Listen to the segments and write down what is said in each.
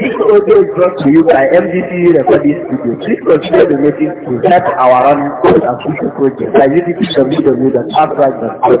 This audio is brought to you by MDC Recording Studio. Please consider donating to help our own and future project by visiting www.upright.org.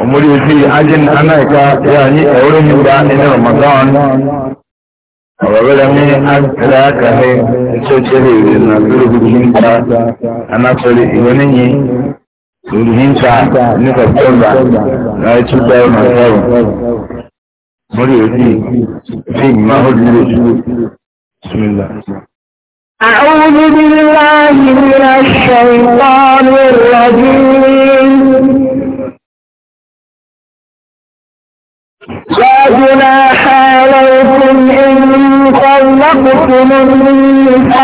Omori fi ajin anaika ya a wurin mi ne nínú Ramadan. Ọ̀rọ̀ bẹ̀rẹ̀ mi àgbẹ̀rẹ̀ àkàrẹ̀ ẹ̀ṣọ́ ìṣẹ̀lẹ̀ lórí olùhìnta anásọ̀rẹ̀ ìwọ níyì olùhìnta ní September náà two thousand and seven. Omori fi fi ìmáhùn أعوذ بالله من الشيطان الرجيم لا جناح عليكم إن طلقتم النساء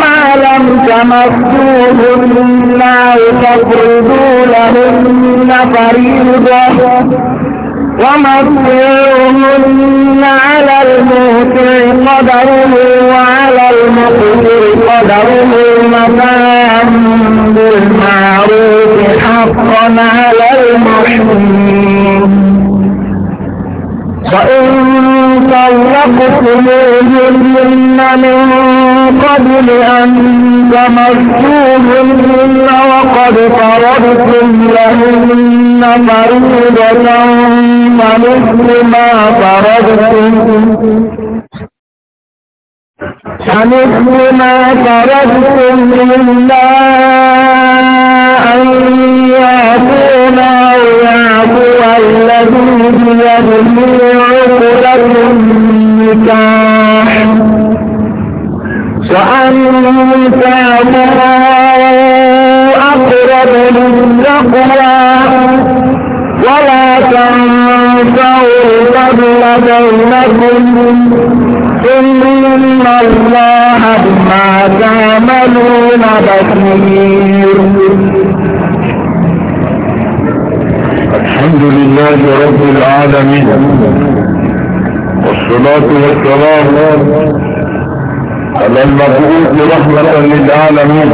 ما لم تمسوهن أو تفرضوا لهن فريضة ومصيرهن على الموت قدره وعلى المقدر قدره متاعا بالمعروف حقا على المحسنين وإن طلقتموهن من قبل أن تمسوهن وقد فرضتم لهن فريضة مثل ما فرضتم فمثل ما فرضتم إلا أن يعفونا ويعفو الذي بيده عقدة النكاح وأن تعفوا أقرب للتقوى ولا تنظروا ترجعوا القبل بينكم إن الله بما تعملون بصير الحمد لله رب العالمين والصلاة والسلام على المبعوث رحمة للعالمين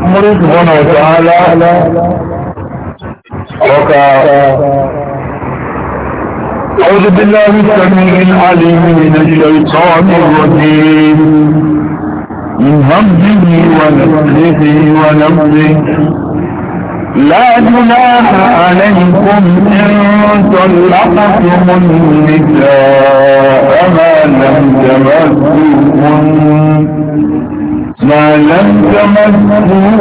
مرض الله تعالى أعوذ بالله السميع العليم من الشيطان الرجيم من همزه ونفسه ونفسه لا جناح عليكم إن طلقتم النساء ما لم تمسوهن ما لم تمسهن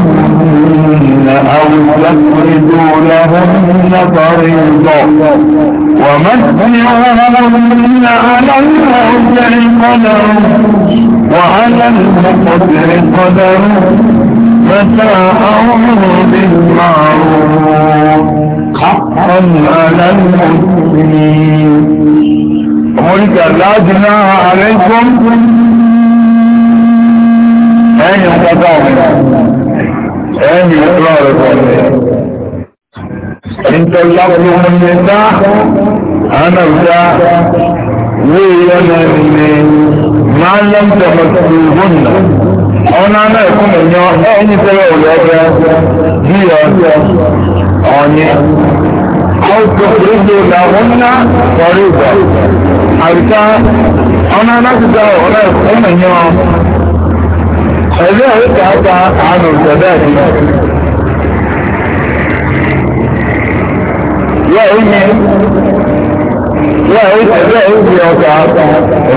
أو تفردوا لهن طريقا ومسعوهن على المرجع قدر وعلى المقدر قدر متاعا بالمعروف حقا على المسلمين قلت لا جناح عليكم ẹ̀yìn ọgbọ́gbọ́ ẹ̀yìn ọlọ́rẹ̀kọ́ ìtọ́lápọ̀ mẹ́ta ànàbíà wíyọ́nà ni máa ń lọ́pọ̀ mọ̀tòrò ọ̀nà náà fún ẹ̀yọ́ ẹ̀yìn tẹ́lẹ̀ òlọ́gbẹ́ yíyọ ọ̀yẹ́ ọ̀tọ̀ orílẹ̀ ìdáwọ́nà sọ̀rọ̀ ìgbà àríká ọ̀nà aláṣìṣà ọ̀rẹ́ ẹ̀yọ́ ẹ̀mí àwọn ìgbàgbà àánú ìjọba ẹ̀mí. Yẹ́n ní yẹ́n ìtẹ̀lẹ́ ìdí ọ̀gá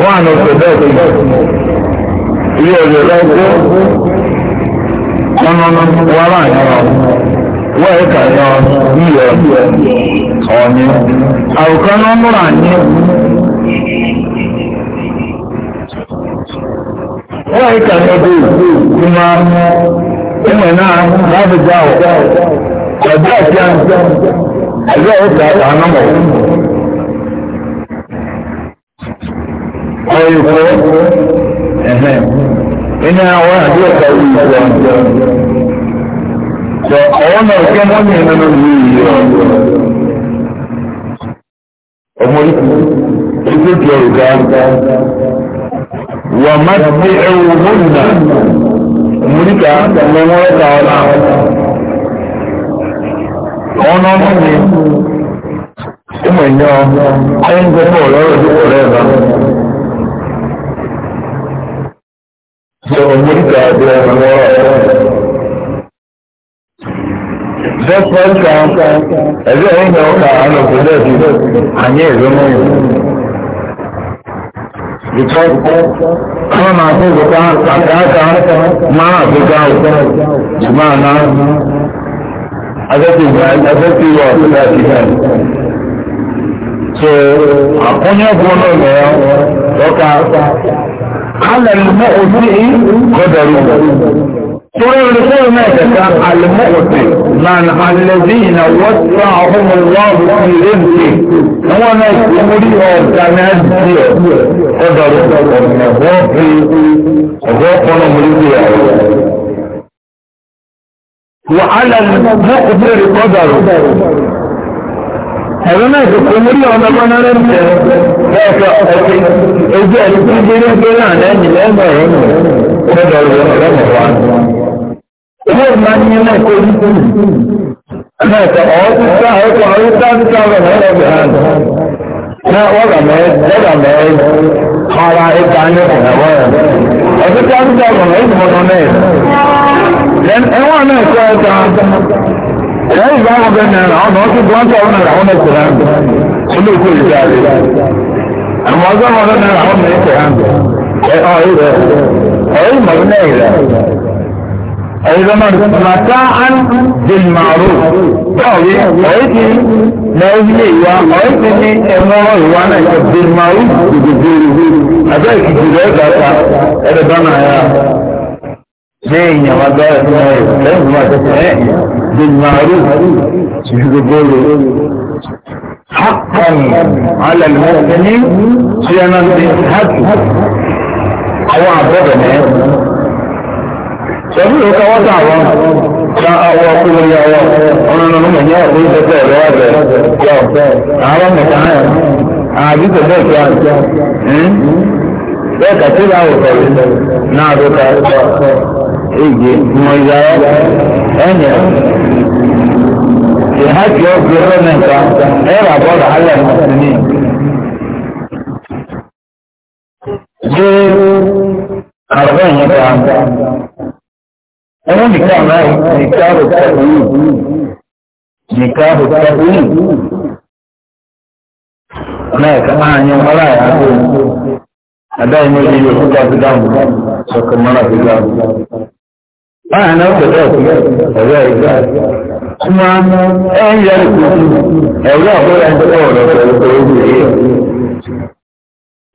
àánú ìjọba Ilé òde lọ́gbó ọ̀nà wà láàyè lọ. Wọ́n ẹ̀ka yọ yíyọ ọ̀nì. Àwùkọ́ náà ní wọ́n yìí kà mọ́ bíi kuma ìmọ̀ náà láti já o ọ̀dọ́ àti àǹtí àjọ òkè àtànámọ̀. ọ̀rọ̀ ìfọ̀ ẹ̀hẹ́n iná àwọn àti ọ̀kà yìí jọ sọ ọwọ́ náà kí wọ́n ní ìnáwó yìí yọ ọmọ ìfọ̀ ìfọ̀ ìfọ̀ ìfọ̀ ومتعوهن مريكا لنورة So ọ̀nà ọ̀nà ọmọ ìyá ayéǹgbẹ́pọ̀ lọ́rọ̀ ìdíkọ̀ lẹ́ẹ̀bá ṣe ọmọdíkà àti ọmọlọ́rọ̀ ẹ̀rọ ẹ̀rọ ẹ̀yìn ọkà àlọ́kùnrin àti àyẹ̀ ìrọ́mọ́yìn because kọ́ máa fún ìgbà àkáàkà máa fi ga ọ̀sán ṣùgbọ́n àná afẹ́fẹ́ ìgbà afẹ́fẹ́ ìwà ọ̀sán àti ìgbà. so àkúnyẹ́ fún ọ náà lọ́ka kálẹ̀ lọ́mọ́ òfin yìí kọ́ dẹ̀rù. قرآن يقول ماذا المؤمن من الذين وسعهم الله في رزقه هو ما يقولي وتنزل قدر الرب الرب المريد وعلى المقدر قدره ẹ̀rọ náà ti kò mórí ọmọ ọmọ rẹ̀ ń tẹ̀ ẹ̀kọ́ ẹ̀kọ́ ojú ẹ̀rí tí ń gbé náà lẹ́yìn lẹ́yìn ọ̀rọ̀ nù ọ̀dọ̀ ọ̀rọ̀ ọ̀rọ̀ mọ̀ ilé ìmọ̀ ní ilé ẹ̀kọ́ ojú tó nù. ẹ̀kọ́ ọ̀ọ́tún sá ọ̀ọ́tún ọ̀ọ́tún ọ̀ọ́tún sá ọ̀rọ̀ mọ̀ ọ̀rọ̀ bìhán. na wọ́gà mẹ́ wọ́gà mẹ́ ara ẹ̀ka ní ọ̀rọ̀ ọ̀rọ̀ ọ̀ọ́tún sá ọ̀rọ̀ mọ̀ ẹ̀yìn bá wọn bẹ́ẹ̀ náírà ọ̀nà ọtí bọ́ńtà ọ̀nà náírà wọn ẹ̀kọ́ náà ilé ìkó ìjà rẹ̀ àmọ́ ọjọ́ wọn náà náírà wọn ẹ̀kọ́ náà ẹ̀ ọ̀ ẹ̀rẹ̀ ẹ̀yìn mọ̀ ní ẹ̀rẹ̀ ẹ̀yìn lọ́nà màtá án di màrú báwí ọ̀yẹ́ ti na ilé ìwà ọ̀yẹ́ ti ní ẹ̀mọ́ ìwà náà ìjọ di màrú ìdìbò àbẹ́ ìkìkì rẹ̀ gbàgbà ẹ̀rẹ̀ lẹ́yìn àwọn agbára tí wọ́n yọ lẹ́yìn wọn àti ẹ̀ bí màálù ìṣòro gbòòrò hakan alẹ́lẹ́sẹ̀ ní tí a náà ti hàkì àwọn àbọ̀bẹ̀ mẹ́. sọ́dún ló kọ́ wọ́tà wọn ká awọ kúrò yà wọ ọ̀nà nínú mọ̀ ní ọ̀pọ̀ ìṣẹ̀fẹ̀ rẹ̀ ọ̀bẹ̀ yọ àwọn mẹ̀ta náà àbí kò bẹ́ẹ̀ tó àjọ hmm? bẹ́ẹ̀ kàtí láwùjọ náà ló ká èyí mọ̀ ìyá ẹ̀yẹ ìhájì ọ̀gbìn ọ̀nẹ́ta ẹ̀rọ àbọ̀dọ̀ alẹ́ mùsùlùmí. Ṣé àbẹ̀ yẹn ta? Ẹ̀rọ nìkan náà nìkan rò tẹ̀lé nìkan rò tẹ̀lé ọ̀nà ẹ̀ka máa yan ọlá ẹ̀ àti àdáyé méjì yóò fún gbàgbé dáhùn sọ̀kè mọ́lá gbé dáhùn báyà náà pẹ̀lú ọ̀rẹ́ ìgbà kuma ẹ̀yìn yẹn kò sí ẹ̀rọ àbúrò ẹni tó wọ̀ lọ́sọ̀rọ̀ lórí ojú rẹ̀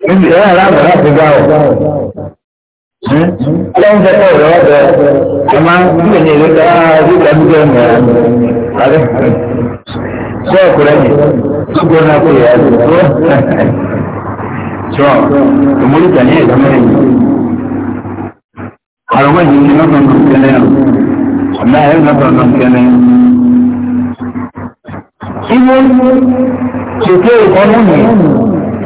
níbi ẹ̀rọ aláàbò láti gbà ọ̀ lẹ́yìn tẹ́tẹ́ ọ̀rẹ́ ọ̀bẹ ẹ̀ máa ń gbé ní ìlú ká rí ìdájúgbé ẹ̀mọ́ alẹ́ ṣé ọ̀kùnrin yìí ṣùgbọ́n náà kò yẹ ẹ̀ tó ṣọ́ ní ìdámẹ́rin yìí àrùwé yìí ní lọ́dọ̀ tó kẹlẹ́ rẹ̀ ọ̀nà ẹ̀ lọ́dọ̀ tó kẹlẹ́ ilé ṣètò ìkọ́nú mi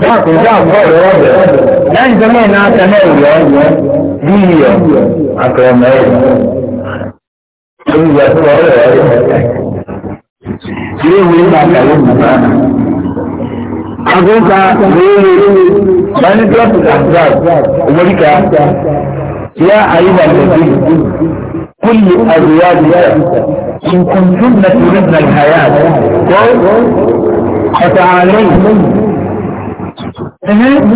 náà kò dá àgbọ̀ ẹ̀rọ ọ̀bẹ̀ lẹ́yìn tó mẹ́rin náà tẹ́lẹ̀ ìyọ́ bí iyọ̀ àkọọ̀mọ́ ẹ̀ lórí ìyá tó wọ́n rẹ̀ ọ̀rẹ́ ilé ìwé ìgbà àkàlẹ́ ìgbà Agunka lórí lórí lórí lórí lórí lórí lórí lórí lórí يا أيها الذين كل أزواجك إن كنتن تريدن الحياة فتعالين أمم،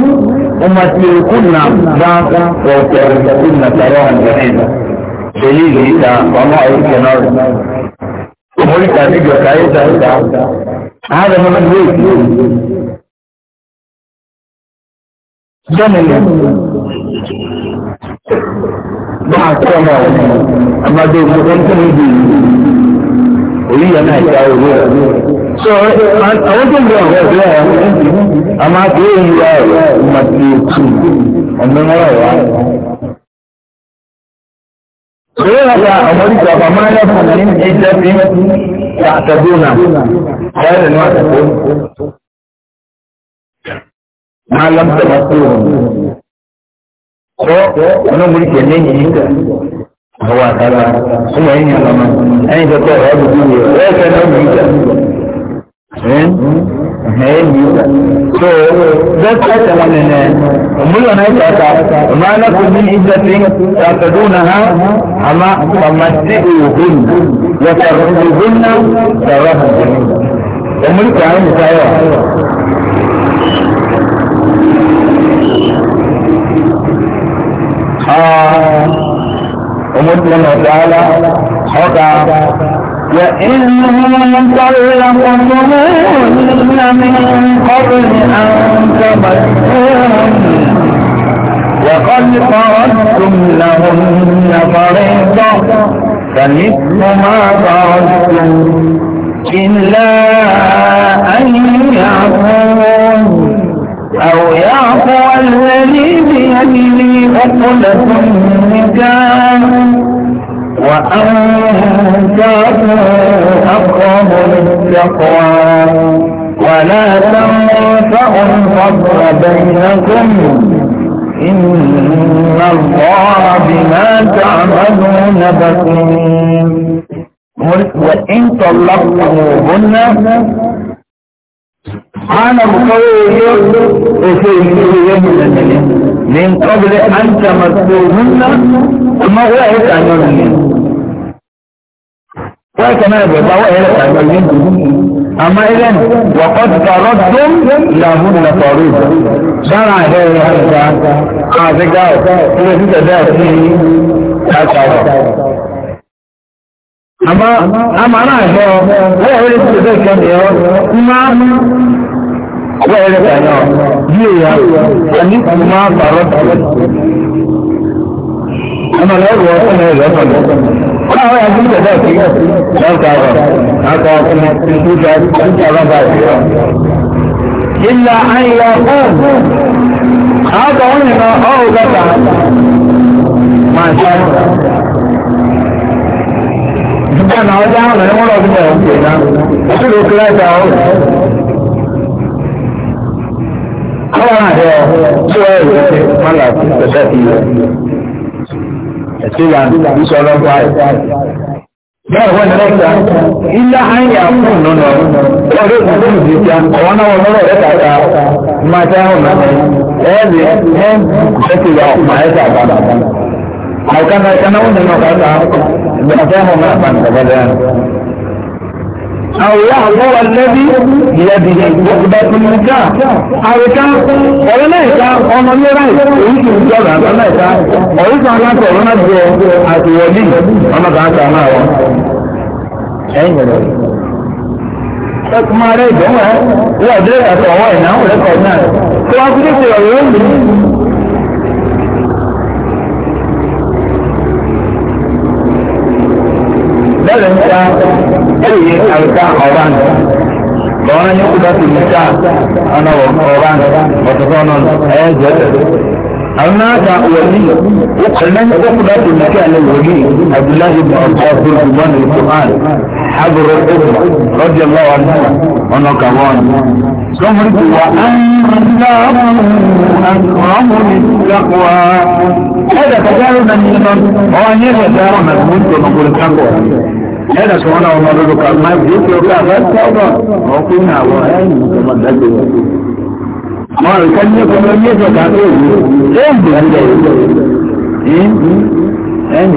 وما أمثلكن ضعفا وأترككن ترى الجحيم دليل إذا طمع الكنار وملك أنك كايزة هذا من البيت ba a kama wani amma dai kudin kan yi oyi yana jawo ruwa so a wajen da wa zuwa ya amma ko yi ya mace ci amma mara wa so yana da amurka ba ma ya funin hijabi ta ta dona ya da nuna ta ko malam ta masu ko wani mulke ne yi hawa tara suna yin yana ma an yi ta kowa ya buɗi ne ya yi sanar da ita ẹ̀hẹ́n yìí so dọ́kítà tẹ̀wọ́n nìyẹn ọmọlúwà náà yìí ta ọmọ alákùnrin ní ìjọsí ṣàtọ̀dún náà ha àmà ọmọdé òhun lọ́tà òhun náà sọ̀rọ̀ ọmọlúwà náà yìí ta yọ̀ ومسلم تعالى حقا وإن طلقتموهن من قبل أن تمسوهن وقد فرضتم لهن فريضة فنصف ما فرضتم إلا أن يعفون أو يعفو الذي بيده عقدة النكاح وأنت أقرب للتقوى ولا تنفع الفضل بينكم إن الله بما تعملون بصير وإن طلقتموهن أنا مقوي وسيكون من قبل أن تمسوهن ثم هو يتعنون وكما يبقى هو يتعنون أما إذن وقد فرضتم لهن فريضة شرع هذا هذا هذا هذا هذا هذا أما أما أنا أقول لك كم يوم wẹ́rẹ́ kaná bí èèyàn àní kò máa bàrọ̀ tó. ọmọ lẹ́rù ọ̀sán ẹ̀rọ ọ̀sán kọ́ àwọn ẹ̀dùn ìjọba kí lọ́ọ̀ta rọ̀ àkọ́ ọkùnrin tó jọ ìjà rọ́bà ìjọ. ìlà àyà fún àkọ́ òyìn náà ọ̀hún bàtà máa ṣe àná. Ìjọba náà ọjà àwọn ẹ̀wọ̀n lọ́dún bẹ̀rẹ̀ ń pè náà. Ìṣòro kíláàsì àwọn ọ̀hún kọ́ra ẹ̀ tó ẹ̀ rẹ̀ mọ́lá tẹ̀tẹ̀ fi rẹ̀. Ẹ̀sìn ìlànà ìṣọ̀rọ̀ pa ẹ̀. Bẹ́ẹ̀ wọ́n ní ọ̀gá, ilá àyà fún nínú ọ̀rẹ́ ìgbìmọ̀ ìdíjà, ọ̀wọ́n náà wọ́n lọ́rọ̀ ẹ̀ka ta máa jẹ́ àwọn ọ̀nà ẹ̀ẹ́dì ẹ̀ ṣẹ́kì ìyá ọ̀pọ̀ ẹ̀ka àbára. Àìkánná ìkánná wọn nínú ọ̀gá ta, ìgbà jẹ́ àwọn ọ̀nà àbára أو يهو الذي بيده عقدة النكاح أو كان ولا نيكا أما يراي ويجي يجرى أما نيكا ويجي أنا كورونا جو أتولي أما كان كما هو أين Ẹkùnmá rẹ̀ ìdánwò ẹ̀ wọ́n ọ̀dẹ́ ẹ̀sọ̀ ọwọ́ ìnáwó lẹ́kọ̀ọ́ náà. Tó wá fi kéde ọ̀rọ̀ yóò lè bẹ̀rẹ̀ ń ta ẹ̀yẹ àríkà ọ̀rán lọ́wọ́n ní kúta tó ní ká ọ̀nà ọ̀rán ọ̀tọ̀tọ̀ náà ẹ̀yẹ jẹ́ tẹ̀lé. àwọn náà ta wọlé ọ̀nà ní kúta tó ní ká ní wọlé abdullahi bin ọkọ̀ tó ní wọn ní kùhán agbèrè ọkọ̀ lọ́dí ọlọ́wọ́ ọ̀nà kàwọn. sọmọdé ti wà á ń rà أكرم للتقوى هذا تجارب من النظام هو أن يجب تجارب مضمون ونقول التقوى ẹ̀rọ sọ wọn náà wọn lọ́dọ̀ kan máa bí ó fi ọkọ àwọn ẹ̀kọ́ ọ̀dọ̀ wọn kú ní àwọn ẹ̀yìn ìjọba dájú wọn. wọn rìn ká ní ẹ̀kọ́ ní ẹ̀yìn ìjọba tó yìí ẹ̀yìn ìjọba ẹ̀yìn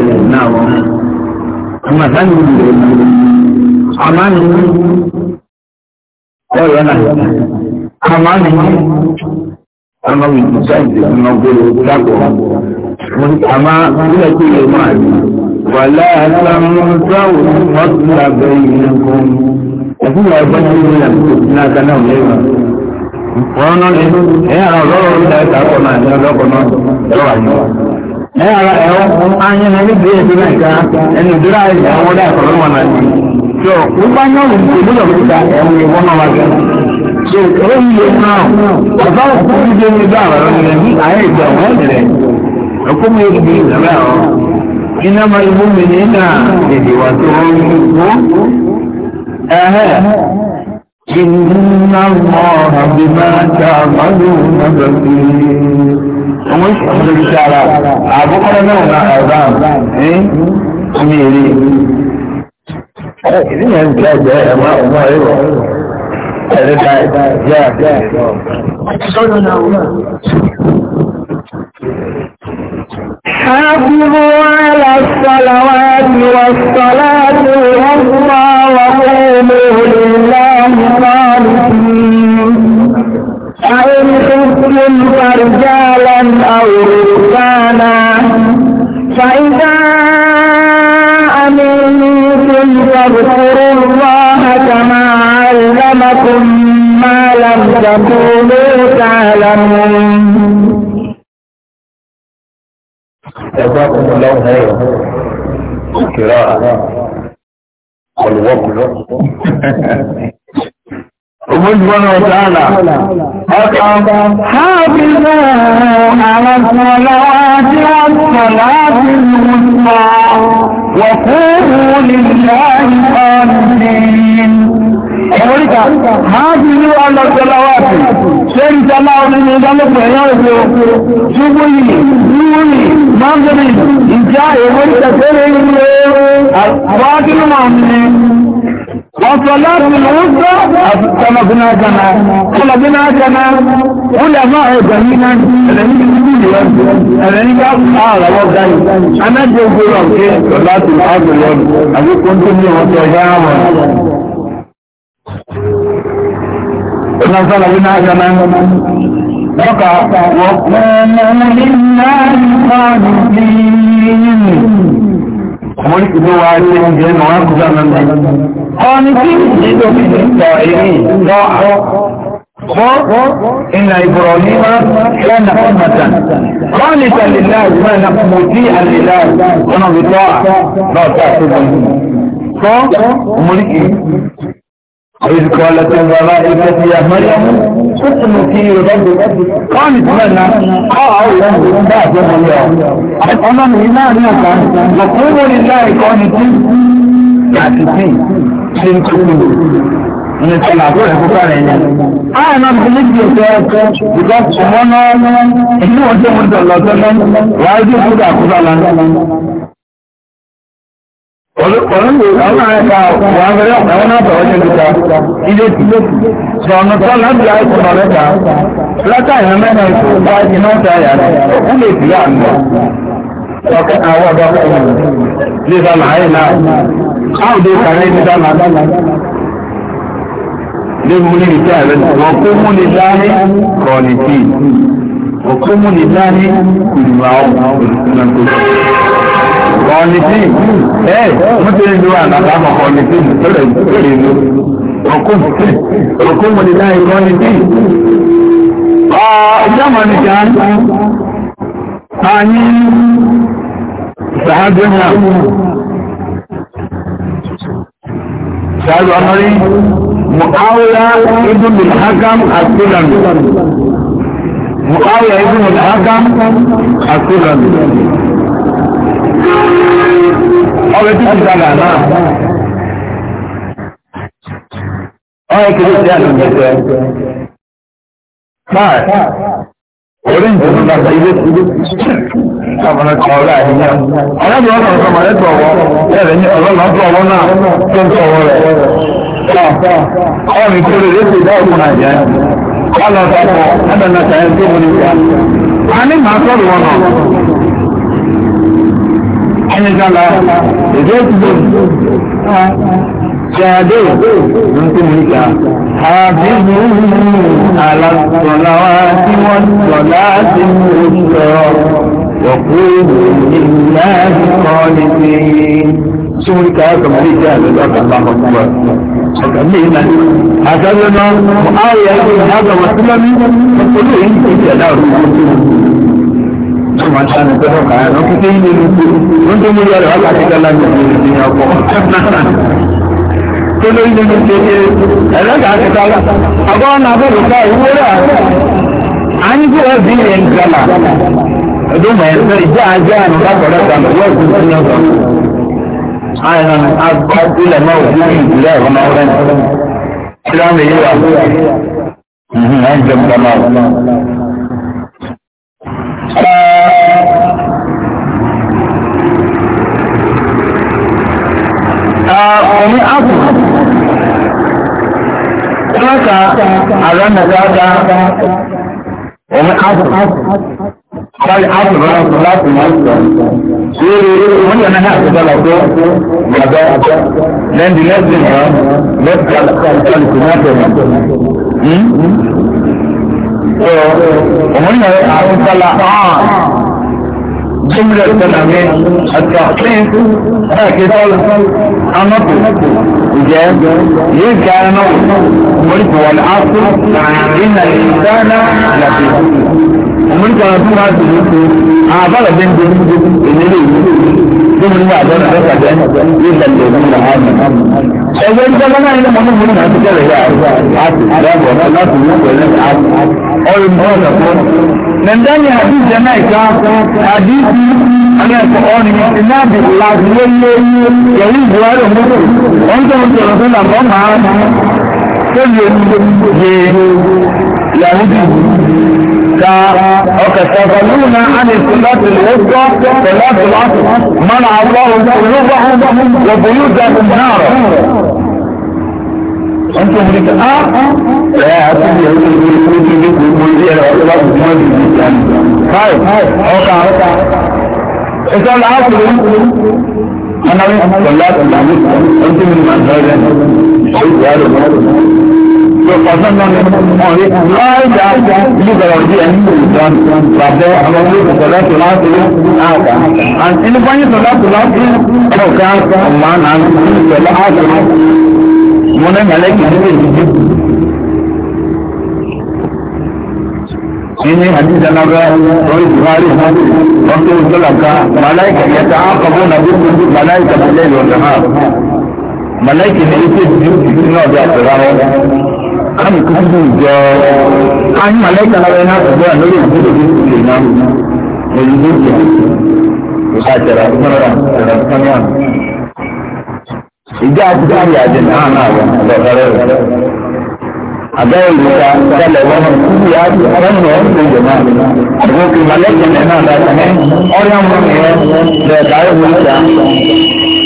rẹ̀ náà wọn. àmà sáni ìlú rẹ̀ àmà ni ọ̀rọ̀ náà àmà ni àmà ìdíjáde ọ̀nà ògbèrè ìdágbọ̀ wọn àmà ilẹ̀ tó yẹ máa rí. ولا تنسوا فضل بينكم ẹ̀fún wa ẹgbẹ́ ní ìlú náà kaná ò léwà wọ́n náà ní ẹ̀yà ọlọ́rọ̀ ń dáa kàkọ́ náà ní ọlọ́kọ̀ náà lọ́wọ́ àyè wa ẹ̀yà ara ẹ̀wọ́ ayé náà ní bíi ètò náà ká ẹni ìdúrà ẹ̀yà wọn dáa kọ̀ lọ́wọ́ náà ní tó nígbà náà wò ó gbọ́dọ̀ fi ta ẹ̀wọ̀n ìwọ́ náà wá gẹ̀ so ó ń lè náà ọ̀fà òkú dídé ní bá àwọn ọ̀rọ̀ nílẹ̀ ní àyè ìgbà wọn nílẹ̀ ẹ̀kọ́ mi ò إنما المؤمنين إخوة إن الله بما تعملون بصير ومش أخذ الشعراء أبو قرنون أعظام إيه؟ أميري إذن أنت جاء ما الله يروح هذا جاء جاء جاء حافظوا على الصلوات والصلاة الوسطى وقوموا لله خالصين فإن خفتم فرجالا أو ركبانا فإذا أمنتم فاذكروا الله كما علمكم ما لم تكونوا تعلمون جزاكم الله خيرا قراءة والوقف سبحانه وتعالى حافظوا على الصلوات والصلاة الوسطى وقولوا لله قانتين ẹ̀ríkà máàbí ní alájọláwàtí ṣẹ́rí tàláwọ́ nínú ìdálẹ́pọ̀ ẹ̀yàn òfin ṣúgbó yìí níwúrí máàbí ìjá èwé ìtẹ̀fẹ́rẹ́ ilé àwádínú máa ń ní وصلاة الوسطى كما بنا جنا كما بنا جنا علماء جميعا الذين يقولون الذين قال وقال انا جوجو صلاة العصر اليوم ابي كنت من وصلاة ونزل بنا زمان بقى وقومنا لله خالدين ملك دواتي جن وقزا من خالدين جدوا من الدائمين إن إبراهيم كان أمة خالصا لله ما نقمتيها لله ونبطاع لا تعتبر صح وملكي وإذ قالت الملائكة يا مريم اسمك ربك قالت لنا قالوا بعد اليوم أنا من هنا وقولوا لله قانتين قانتين شن تقولوا ní ìtọ́lá tó rẹ̀ fúnpá rẹ̀ yẹn. Àwọn náà fi ní ìdí ìfẹ́ ọkọ̀ ìgbà ṣùgbọ́n náà inú ọjọ́ mú dọ̀lọ́tọ́ náà wàá dé fúdà kúrò lánàá. Sọ̀nà tán láti àìsàn ọ̀rẹ́ta, látàrí mẹ́rin ìfún bá iná tààyà rẹ̀, ó lè bí àmì ọ̀kẹ́ àwọn ọ̀dọ́ ọ̀rẹ́ lè bá láàáyé náà. Áùdé kàrẹ́ ní dáná dáná. Lé mú ní ìjẹ́ rẹ̀, wọ́n kó mú ní láàáyé kọ̀ọ̀nì tí, wọ́n kó mú ní láàáyé kùnú àwọn olùkúnlẹ̀ tó ọ̀nìtì ẹ̀ mo ti lu ànàbà àkọ́kọ́ ọ̀nìtì lórí ìlú ìlú òkú mo ní láì kọ́ ọ̀nìtì. ọjọ́ mọ̀ nìkan a ní sàádé náà sàádé ọmọrí mùkáwíyá ibùdó hakam àkúlàmì mùkáwíyá ibùdó hakam àkúlàmì ọbẹ̀ tí kìí sága náà. ọ̀rẹ́ kìí sí àná mẹ́tẹ́. orí ìjọba bàtà ilé kúrú sàmùnà kọ̀ọ̀rọ̀ àyíká. ọ̀rẹ́ mi wọ́n sọ̀rọ̀ ní ọ̀rọ̀ náà tọ̀wọ́ náà tó ń tọ̀wọ́ rẹ̀. ọ̀rẹ́ kúrò lè ṣe dá náà jẹ́. wọ́n lọ sọ̀rọ̀ náà sàyẹn tó mú ní ìyá ẹni sálà èdè òtútù ṣàdé ń tó mú ìta àbíbù alásọ̀láwá tí wọ́n sọ láti mú sọ wọ̀kúrò ìlà ìkọ́ni sí tí wọ́n ká ọkọ̀ mọ́lẹ̀ ìjà àlọ́lọ́ àgbà ọ̀gbà ọ̀gbà ní ìlà àtàlọ́nà àwọn ìyàgbé ìyàgbà wà sílọ́mí olóyìn ìjẹ̀dá òkú wọ́n ti sáré pẹ́lú ọ̀kà ẹ̀rọ kété ilé ní pé wọ́n tó mú yọrọ̀ ọ̀kà ti dọ́là ní ìlú ní ọkọ̀. tó ló ilé ní pé ẹ̀lẹ́gà ti dọ́là àgọ́ ọ̀nà àbẹ̀rẹ̀ ká ìwúrọ̀ àní kí wọ́n bí ilé ń dọ́là. ọdún mọ̀ ẹ̀fẹ́ ìjà ajé àná lápọ̀lọ́ ìgbàlú yóò tún sí ọkọ̀. àìrán agbábílẹ̀ náà òkú ìgbìlẹ̀ ọ̀nà ọ̀rẹ́ ní ọ̀rin ápù lọ́ta àrẹ́mẹ̀dáta ọ̀rin ápù Báyìí ápù rọrùn láti mọ́sùlọ̀. Ṣéèrè wọ́n yẹ̀ náà àti dọ́là tó gbàgbọ́ lẹ́ndì lẹ́sìn rán lẹ́sìn àlùkò náà tẹ̀lé. उन्होंने आरुण सलाहान जुमरत के नामे अत्याख्लीफ केवल अमत जय ये कारण मुल्क वाल आसुर इन इंसान लगी मुल्क आसुर आसुर आबाद दिन दिन इन्हें nínú ní àbọ̀nà lọ́sàdẹ́ ilẹ̀ lòdì làhámù. ẹgbẹ́ ìjọba náà ní mọ́nú mọ́nú náà ti kẹ́rẹ̀ yá àti ìdábọ̀ láti mú pẹ̀lú àti ọ̀rọ̀ mọ́ọ̀nà fún. nàìjíríà ní àdìsí ẹ̀ná ìka àdìsí ẹ̀kọ́ ọ̀nì ìnáàbì làwúlélé pẹ̀lú ìbúrẹ́rẹ̀ mọ́tò ọ̀ńtọ́ يهودي وكتغلون عن الصلاة الوسطى صلاة العصر منع الله قلوبهم وبيوتهم نارا انتم لك اه لا اعتقد يهودي يهودي لك ويقول لي انا والله ما بدي طيب اوكي اذا العصر انا صلاة العصر انتم من منهجنا شيء يا رب ọ̀sán náà ni ọ̀rẹ́ láìjà nígbàrá ọ̀dí ẹ̀ nìkan bàbẹ́ àwọn olóògùn láti láti àgbà. inú báyìí sọ láti láti ọ̀gá ọ̀mà náà ní ìṣẹ̀lẹ̀ àgbà. mo ní mẹ̀lẹ́kì ní èyí jù. Ini hadis dan nabi Roy Bukhari waktu itu laka malaikat yang tak kabur nabi pun malaikat berjalan dengan malaikat ini itu juga dia terang kánì kúkú bí ìjọ káyín màlẹ́kà lára ẹni àtúgbò ẹ̀ lórí òkú tó kúkú lè náà èyí ló jẹ ìgbà jẹrà fúnra jẹrà fúnra ìjọ àtúgbò àyè àjẹ náà náà wọ lọ́kọ́rẹ́ rẹ̀ àbẹ́rẹ́ ìlúta tẹ́lẹ̀ wọn kúkú yá lẹ́nu ọ̀ ní ìjọba àbúrò kí màlẹ́kà náà náà dáná ọ̀rẹ́ àwọn ọmọ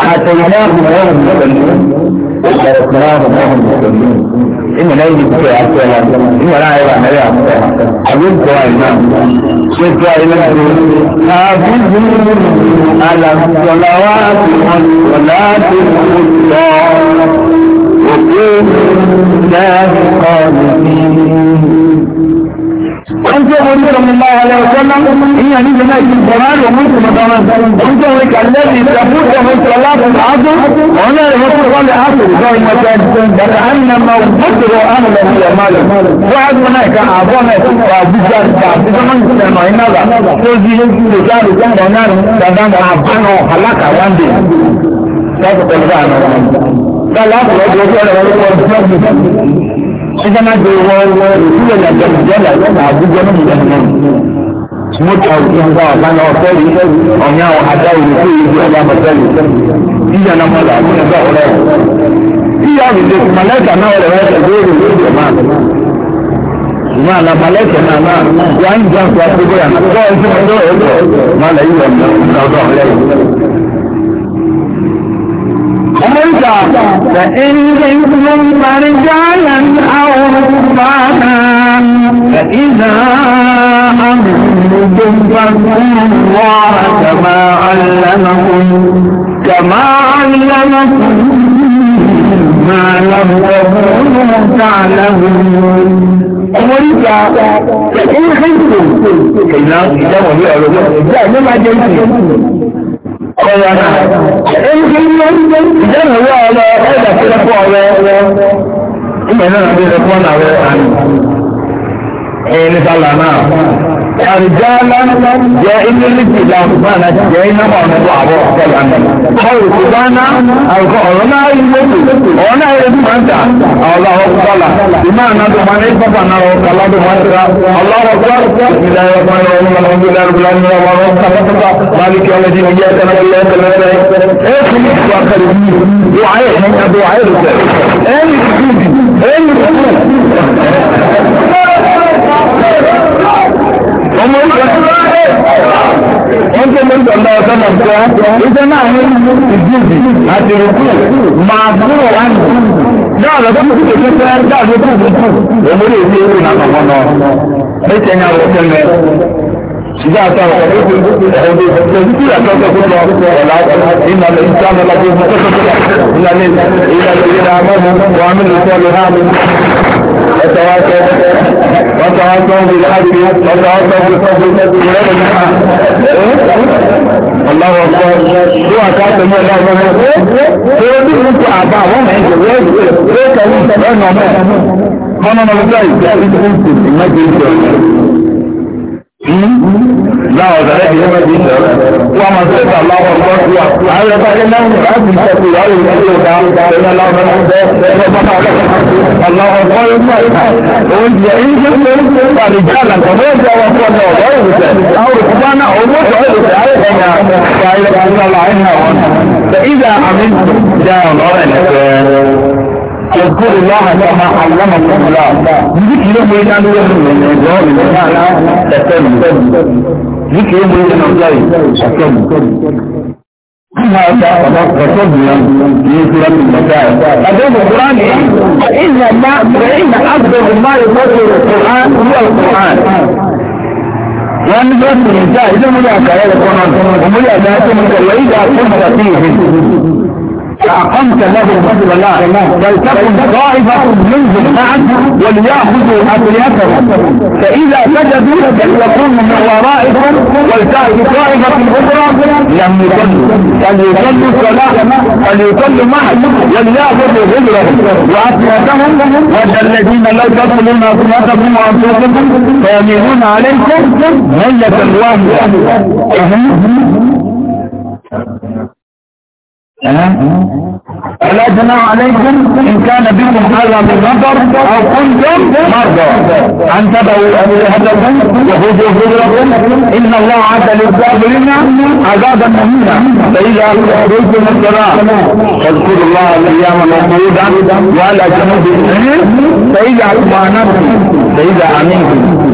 آتيناهم وهم يصلون وتركناهم وهم يصلون إن لا يجب في أسئلة إن لا يرى نبي أسئلة أجد وإمام شد وإمام حافظوا على الصلوات والصلاة الوسطى وقوموا لله قانتين sallallahu alaihi wasallam ìyẹn ní ìlú náà ìbọ̀rán ló mú ìmọ̀ dáná ń tó rí kàlẹ́ ní ìjàpú ìjọba ìṣọ̀lá àdó ọ̀nà ìwọ̀n tó wọ́n lè áṣù ìjọ ìmọ̀tẹ́ bàtà ànà máa mọ́tòrò àmàlà ìyà màlẹ̀ wọ́n á gbọ́n náà ká àbọ̀ náà wà àbújá àbújá máa ń sẹ̀ mọ̀ iná rà tó di lè jáde gbọ́ngàn náà dandan àbánà àlákà wáńdè lọ́sọ̀tẹ̀lẹ́ ẹgbẹ́ náà di wọ́n wọ́n ìdílé lẹ́gbẹ́ ìjọba àbújá náà nìyẹn náà mọ́tò àwùjọ àbáná ọ̀tẹ́lì ọ̀nyá ọ̀hádá òrùkú ìlú ọ̀dà ọ̀tẹ́lì yíyá náà mọ́tò àbújá náà ọ̀rẹ́ yíyá òrùkú mọ̀lẹ́kà náà ọ̀rẹ́ rẹ̀ ṣẹ̀dúró ìlú ìjọba máa na malẹ́kẹ̀ náà náà yà ń jẹun tó a ti bóyá náà bọ́ọ̀ ẹ̀sìn ọjọ́ ẹ̀kọ́ máa lẹ́yìn ọ̀dọ́ ọ̀rẹ́ yìí. أنت فإن منكم رجالا أو ركبانا فإذا أمنتم فاذكروا الله كما علمكم كما علمكم ما لم تكونوا تعلمون ọmọ nígbà ẹ̀kọ́ ìrìnkìtò ìjọba ìjọba ìjọba ìjọba ìjọba ọ̀rọ̀ ìjẹ́nà wà ọ̀rọ̀ ẹ̀dà tí ó fún ọ̀rọ̀ ìgbẹ̀rẹ̀ náà bí ẹ̀fọ́n náà rẹ̀ àmì ẹ̀yẹ nípa lànà àrùjálá jẹ́ inú lítìlá jẹ́ iná ọ̀nàdọ̀ àbọ̀ ọ̀pọ̀lọpọ̀. ọ̀rọ̀ kò bá ná àrùkọ ọ̀rọ̀ náà rí lóṣù ọ̀rọ̀ náà rí máa ń tà ọ̀rọ̀ àwọn kọ́lá ìmọ̀ ànádọ̀ máa ní pápá náà ọ̀rọ̀ kàládọ̀ máa ń tà ọ̀lọ́wọ́ kọ́ ìpìlẹ̀ ọ̀rọ̀ Thank you ọmọ wọ́n tó mú ìjọba ọ̀sán ọ̀sán iṣẹ́ náà ní ìdíjì àti ìrùkú máa kúrò wá ní. náà lọ́dọ́ tó ti tẹ̀sí fẹ́ dáàbò tó kù kù òun lè fi ewu náà kọ̀ọ̀kan náà. bí kẹ́nyà wọ́n fẹ́ mẹ́ ṣùgbọ́n àti àwọn ọ̀rẹ́ tó ti ẹ̀ẹ́dẹ́ tẹ̀sí àtọ́ tó kú lọ ọ̀la ìlànà ìsáná lábẹ́ ìlànà ìlànà ìlànà ìlànà وتواصوا وتواصوا بالحق وتواصوا بالصبر ولاد الحق الله أكبر شو أكاد من الله أكبر شو أنت أنت أبا وما أنت وين وين كان أنت أنا ما أنا ما بقول لا أنت أنت ما جيت láwọn ọ̀sẹ̀lẹ̀ kìí fẹ́ bí ìṣẹ̀lẹ̀ wọ́n máa ṣe ìta láwọn ọ̀pọ̀lọpọ̀ àwọn ẹ̀rọ ìpàdé náà láti ìṣẹ̀kù láwọn ìṣẹ̀lẹ̀ ìta ìṣẹ̀lẹ̀ láwọn ọ̀pọ̀lọpọ̀ òun jẹ́ ìṣẹ́ pé pàdé jàlá kọ̀mọ́ ìṣẹ́ wọn fún ọ̀nà ọ̀dọ́ ìrìnsẹ̀ àwọn òkúta náà owó sọ ìrìnsẹ̀ àìsànyà ṣàyẹ̀kọ̀ ìṣẹ̀lẹ̀ àìsàn wọn. ìjà àmì jà ọ̀nà ọ̀rẹ́ nìkẹ́ يذكر الله لما علمكم الله ذكر يوم يجعل يوم من الجواب المعنى تتم ذكر يوم يجعل الله تتم أما تصدنا في سورة المسائل أدوم القرآن فإن ما فإن أفضل ما يفضل القرآن هو القرآن wọ́n ní bẹ́ẹ̀ tó ní sáà ìdánwò yà kàrẹ́ rẹ̀ kọ́nà ọmọ yà dáa tó ní kàrẹ́ yà kọ́nà kàtí ìhìn فأقمت لهم رجل الله بل تكن طائفة منهم معا وليأخذوا أبياتهم فإذا سجدوا فليكونوا من ورائكم ولتأتي طائفة أخرى لم يصلوا فليصلوا صلاة فليصلوا معا وليأخذوا غدرهم وأسمتهم وجه الذين لو تدخلون أسمتكم وأنفسكم فيميلون عليكم ملة واحدة ألا جناح عليكم ان كان بكم على من او كنتم مرضى ان تبعوا هذا وخذوا حذركم ان الله عاد للكافرين عذابا مهينا فاذا قلتم الصلاه فاذكروا الله الأيام وقعودا وعلى جنوب فاذا اطمأنتم فاذا امنتم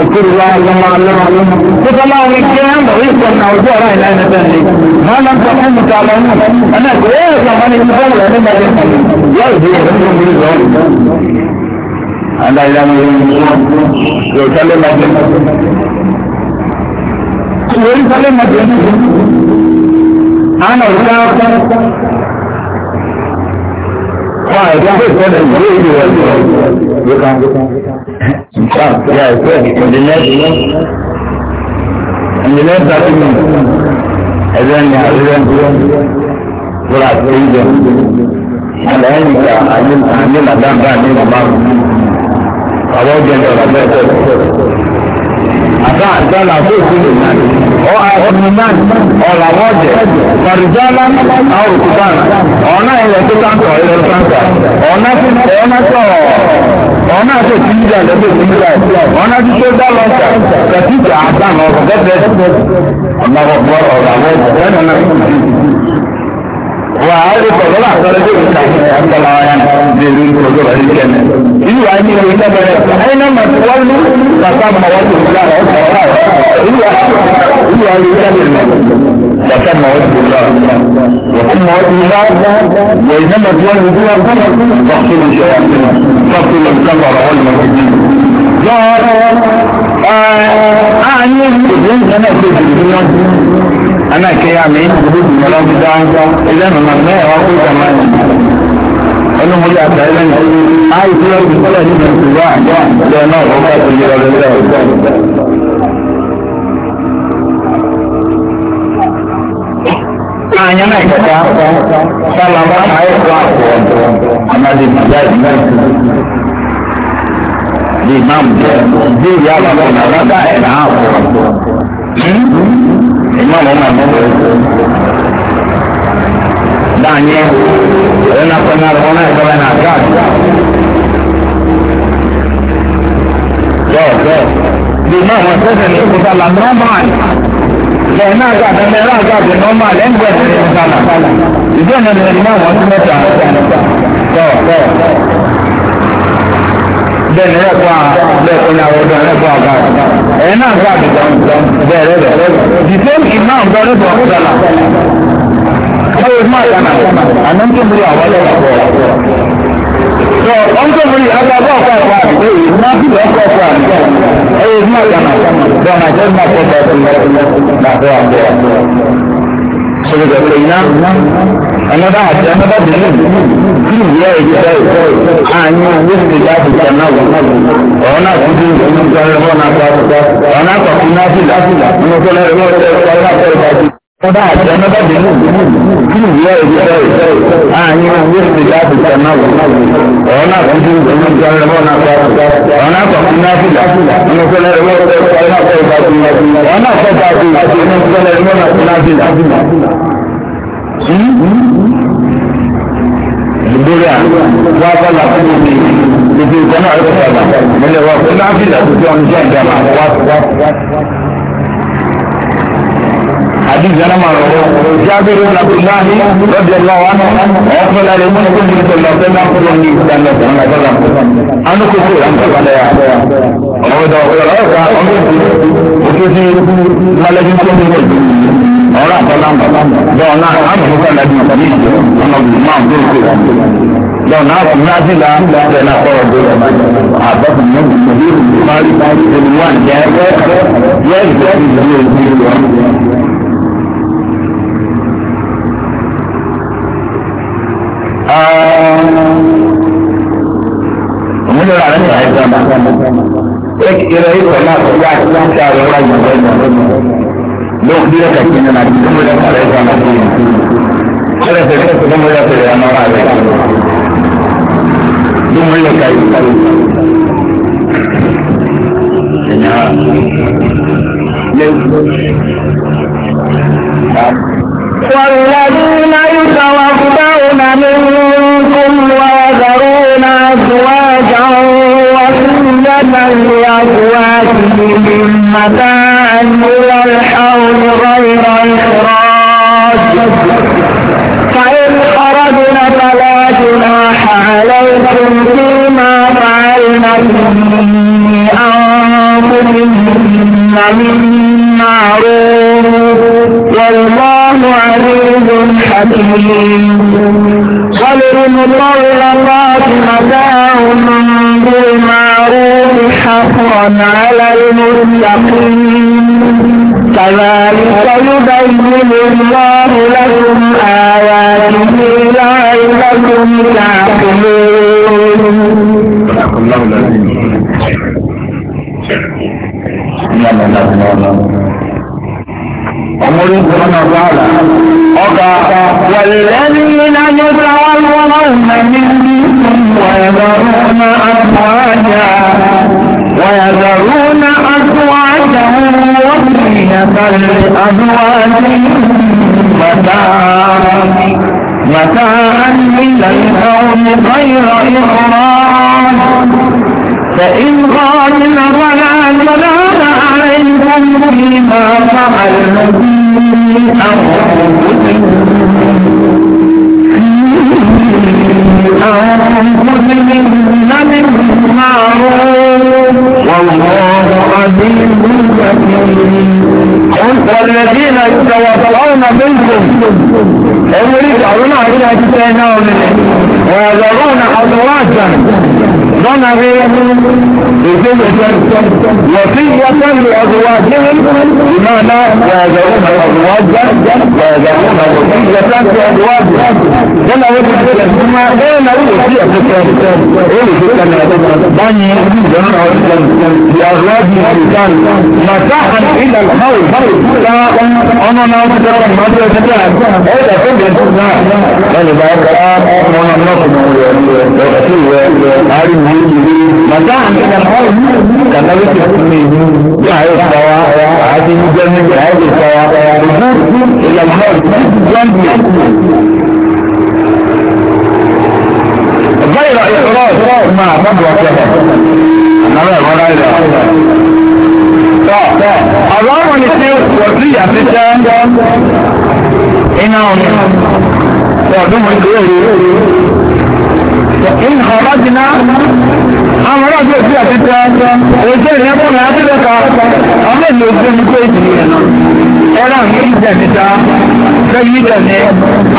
واذكروا لما علمهم فطلعوا من الكلام ويبقى ان اوجوع راي لا نتني ما لم تكونوا تعلمون انا كويس لما انا مطول انا ما يرضي يرضي لا اله الا الله يكلم يكلم انا وكافر Why? Because God is really well. Look at In fact, yeah, it's good. In the next, in the next 30 minutes, and then, yeah, we went, we're at Asia. And then, yeah, I knew, I knew Madame Brand, I knew Madame. I won't get your address àtàdọ́là fóòkúlù ọ àìsàn ọ̀làwọ́jẹ̀ fàrìjọ́lá àwòkútàn ọ̀nà ilẹ̀ tó káńtọ̀ ilẹ̀ tó káńtọ̀ ọ̀nà tó ọ̀nà tó ti ń jà lẹ́gbẹ̀ẹ́ tó ń jà ọ̀nà tó tó dá lọ́jà kàtíjà àtàn ọ̀gọ̀gọ̀gẹ̀ ọ̀làwọ̀gbọ̀ ọ̀làwọ̀jẹ̀ wà á lè pọ̀ lọ́la àtọ́lẹ́ tó kà ní àtọ́lá wa yẹn lè rí ìkọ̀jọ́ rẹ̀ níkẹ́ ní. Ìlú wa ní ìwé tẹ́bẹ̀rẹ̀ ẹni náà mà wọ́n ní bàtà mà wọ́n ti wùlá rẹ̀ ọ̀sán wà rẹ̀. Ìlú wa ìlú wa lè tẹ́bẹ̀rẹ̀ bàtà mà wọ́n ti wùlá rẹ̀. Wọ́n mà wọ́n ti wùlá wọ̀ iná mà wọ́n ti wùlá fún fọ́kùlù ṣe wà ní fọ́kùlù nǹkan lọ́rọ̀ wọ́n lọ́wọ́ sí. Lọ́ọ̀rọ̀ ààyè ìdí ana kiyami ọlọ́gbọ́dá ẹlẹ́nu náà mẹ́rin wá kó jàmá ni olùmúlí àtà ẹlẹ́nu ayé tí wọ́n ti sọ́lẹ̀ nínú ìgbà àjọ náà wọ́n bá ti yọ lọ́lẹ́ ọ̀gbọ́n. Anya náà kẹta sálà bá ayé kó àpò ọ̀dọ̀ àmàlè ìgbà ìgbà di imam jẹ bí ìyá bàbá ọ̀nà ọ̀nà ẹ̀rọ àpò ọ̀dọ̀ mọ̀mọ́ mọ̀mọ́ dányé ẹ̀rọ akọni àlọ́ náà ẹ̀rọ náà gáàdì bẹ́ẹ̀ bẹ́ẹ̀ bí náà wọ́n sẹ́sẹ̀ ní ìkúsàlà normal bẹ́ẹ̀ náà gáàdì ẹ̀rọ àgáàdì normal ẹ̀ńgbẹ̀rẹ̀ ìkúsàlà ìdí ọ̀nà ìrìn náà wọ́n tún mẹ́ta bẹ́ẹ̀ bẹ́ẹ̀ bẹ́ẹ̀ni rẹ̀kọ́ bẹ́ẹ̀kọ́ ní àwọn ọdún rẹ̀kọ́ àgbà ẹ̀ náà gbà àdìgbà bẹ́ẹ̀rẹ̀ rẹ̀ the same imam bẹ́ẹ̀rẹ̀ bọ̀ ọ̀dọ́là báwo ni máa dáná àná ń tó múlò àwọn ọlọ́wọ́ so ọ̀n tó múlò agbábọ̀ ọ̀kọ̀ ọ̀kọ̀ àdìgbò yìí máa bí ọ̀kọ̀ ọ̀kọ̀ àdìgbò ẹ̀yẹ ní máa dáná bẹ́ẹ̀ni àjẹ́ máa kọ́ bẹ́ẹ̀ another another belief belief here is there and you wish to that is another ọ̀nà kùdú ìgbìmọ̀ náà kọ́ ọ̀nà kọ̀kí náà sí lásìlá ní ọjọ́ lẹ́rọ̀ ẹ̀rọ ẹ̀rọ ẹ̀rọ Ọba àti ọmọdé bí kí ìyá ìdí bẹ́ẹ̀ ààyè owó ti láti tẹ̀mọ́ ọ̀rọ̀ náà kò tí ìgbẹ́ níbi ọ̀rọ̀ ẹ̀rọ náà kọ́ ọ̀rọ̀ náà kọ̀ fún náà fìlà nínú fẹ́lẹ́ ẹ̀rọ ẹ̀rọ ẹ̀rọ náà kọ́ ìgbà tó ń lọ sí ọ̀rọ̀ náà kọ́ bá a ti àti ẹ̀rọ náà fìlà lórí à wá sálà fún mi gbogbo ìkan náà ló sálà nílẹ̀ wá fún náà fìlà tó fi ọmọ iṣẹ́ ìjàmbá wá wá wá. Àdìsí ẹ̀rọ màrọ̀ wọ́n jábìrì Nàbùláhì lọ́dẹ̀ lọ́wọ́ ọ̀fọ́lá rẹ̀ mú kó nílùú tẹ̀lé ọ̀fẹ́ náà fún mi ìdáná tẹ̀lé ọ̀fẹ́ náà fún mi. Anú kókó rẹ̀ ń bàbá lẹ̀ yà. Ọ̀rọ̀ ìdá ọ̀rọ̀ ọ̀ka ọ̀rọ̀ ìdí òkè sí Málẹ́bí tó ń bọ̀ ọ̀rọ̀ àtọ́lámọ̀ dọ̀ọ̀nà àmọ̀lúkọ̀lá bí ìpàdé ìjọ ọ̀nà ìgbìmọ̀ àgbẹ̀rẹ̀ dọ̀ọ̀nà àkùnrásílà àtẹ̀nà kọ̀rọ̀ bẹ̀rẹ̀ àbọ̀kùn mọ́bù pẹ̀lú ìmọ̀rí ìlú wà jẹ́ yẹ́ ìfẹ́ ìlú ìlú Òmìnira rẹ̀ ní àìsàn. Ekele ìwọ̀n náà kọjá àti sáńtà rẹ̀ wáyé ìwọ̀n náà lóòdìrẹ kẹkẹ ní ma ti tó lẹ kọlẹ ẹgbẹ ọmọ tó yẹ kọlẹ fẹ kẹsẹ tó mọlẹ fẹ ọmọ rà rẹ tó mọlẹ kẹ yìí kọlẹ ẹnyà lẹ. والذين يتوفون منكم ويذرون أزواجا وصية لأزواجهم متاعا فإن خرجنا فلا جناح عليكم فيما فعلنا من أنفسهن من معروف والله عزيز حكيم وللمطلقات متاع بالمعروف حقا على المتقين كذلك يبين الله لكم آياته لعلكم تعقلون الله العظيم أمر سبحانه وتعالى والذين يتولون منكم ويذرون أزواجا ويذرون أزواجهم متاعا متاعا إلى القوم غير إخراج فإن قالن فلا جلال عليكم بما فعلتم أنفسكم والذين يتوفون منكم أولي دعونا عشان تتناولنا ويذرون أزواجا ظنه بزوجة وصية لأزواجهم بمعنى يزعون أزواجا ويزعون وصية لأزواجهم جل وعلا ثم أين الوصية بني لأزواج الإنسان مساحا إلى الحول أنا لا أقدر ما أستطيع هذا كله بل بقى أنا نصب وكثير عارف màtá kàtà bí kò fún mi bí àyè sáwa àti níjẹ́ níbi àyè lè sáwa ojú ìlànà ìjọ́nbi. غير إخراج ما قبل وكذا أنا لا أقول هذا أضعوا نسيو وزيع في الشام إنهم يعدون من غيره إن خرجنا أمر أبي في أتتا وجل يكون أتتك أمر يجب أن يكون orang ini kita kejadiannya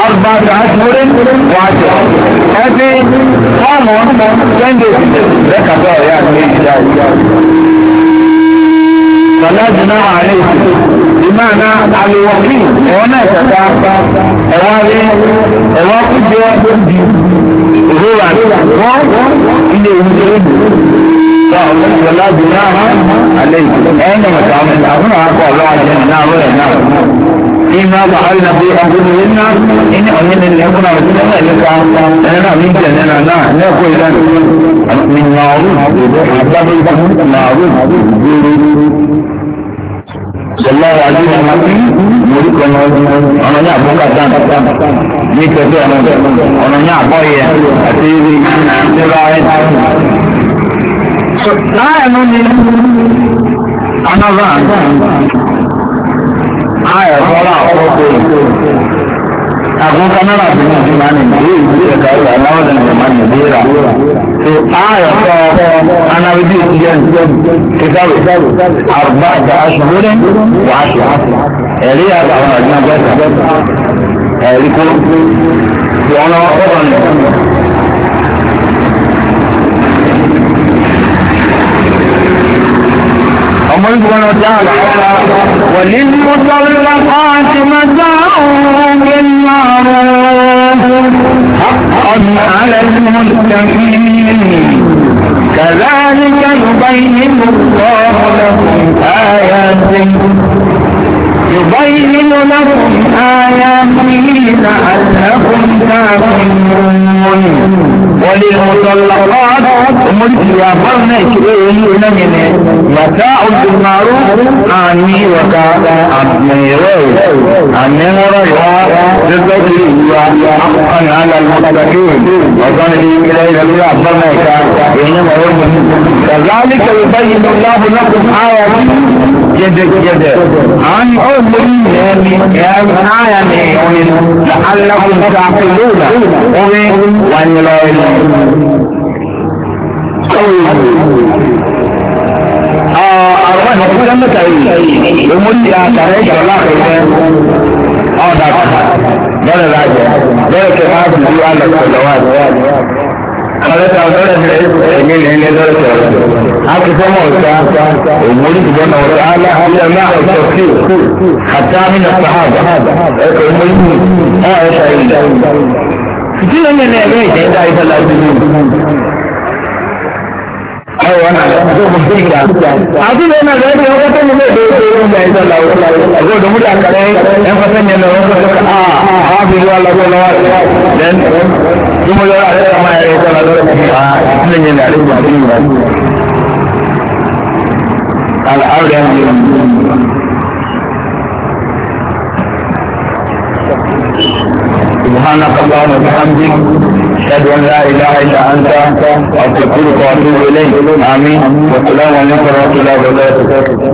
arba saat murid wajib. Tapi kamu jangan mereka tahu ya ini jadi. فلا جناح عليه بمعنى على الوكيل وانا كتاب اوالي اواقف جواب الدين òwúrọ̀ ilé ìwé tó dùn. Sọ àwọn ìṣẹ̀lá bí náà alẹ́ ìgbẹ́ ẹ̀yìn ìgbà àwọn akọ̀ ọlọ́wà jẹ́ náà rẹ̀ náà. Ìmọ̀ àgbà ọ̀rìn àti ọ̀gbọ́n ìwé náà ní ọ̀yẹ́ ní ẹ̀kọ́ náà ti lẹ́wọ̀ ẹ̀lẹ́ka ẹ̀rẹ́ náà ní ìjẹ̀ náà náà ní ẹ̀kọ́ ìlànà. Ìmọ̀ ọ̀rùn àgbàdo ìgbà orúkọ ní ọ̀nà ní àbúkà dán ní ìtọ́jú ọ̀nà ọ̀nà ní àbọ̀yẹ àti ibi ìlera ẹ̀. láàánú ni anava ayọ̀ fọlá àkókò àkókò náírà tó ní ìdí máa nìyí èyí ìdí ẹ̀ka ìlà aláwọ̀ dẹ̀ ní máa nìyí rà tó ayọ̀ fọ anáwídì ìdíyẹ kíkàwé àrùbá àgbà aṣọ wàásù àfọ̀. ẹ̀rí àtàwọn àjọ àgbẹ̀ta ẹ̀rí kó tí wọn lọ ọ̀rọ̀ ni. ọmọ nígbà wọn ti àlà ọ̀la wọ̀lí mọ́tọ́lá àti mẹ́ta òun حقا على المتقين كذلك يبين الله لكم آياته يبين لكم آياته لعلكم تعقلون وللمطلقات يقرن كليهن من متاع بالمعروف عني وكا أميري أميري للذكرية حقا على المتقين وظن إليه لم يعبرنك إنما هو كذلك يبين الله لكم جدجد عن أولهم آياني لعلكم تعقلون أمي وأن يلعين أروان يقول أما تعيي يمولي أتعيش الله خير أو دعوة دولة راجع دولة كفاف نجوء الله صلوات ọlọ́ta ọlọ́rẹ̀ ẹ̀mí ní ilé lọ́rẹ̀ akẹ́kọ̀ọ́ ọ̀sá òmùrí ìgbọ́n náà ọ̀sá alẹ́ náà ọ̀sá sí àti àmìnà sàhábà ẹ̀kọ́ òmùrí náà ọ̀sá ìlú. Ìdí lónìí ní ẹ̀rọ ìjẹ́ ìdá ìfẹ́lá ìdílé. Àwọn àdúgbò náà lẹ́yìn ọkọ̀ tó ní bẹ́ẹ̀ bẹ́ẹ̀ bẹ́ẹ̀ bẹ́ẹ̀ ìjọ làwọn ọ̀gọ́ ọ̀dọ́ múlẹ̀ àkàrẹ́ ẹ̀fọ́ sẹ́yìn lọ́wọ́ sọ́kà á á bí kuma yau a rika ma ya yi kwana da a cikin yin da rika da yin al'auren سبحانك اللهم وبحمدك اشهد ان لا اله الا انت استغفرك واتوب اليك امين والسلام عليكم ورحمه الله وبركاته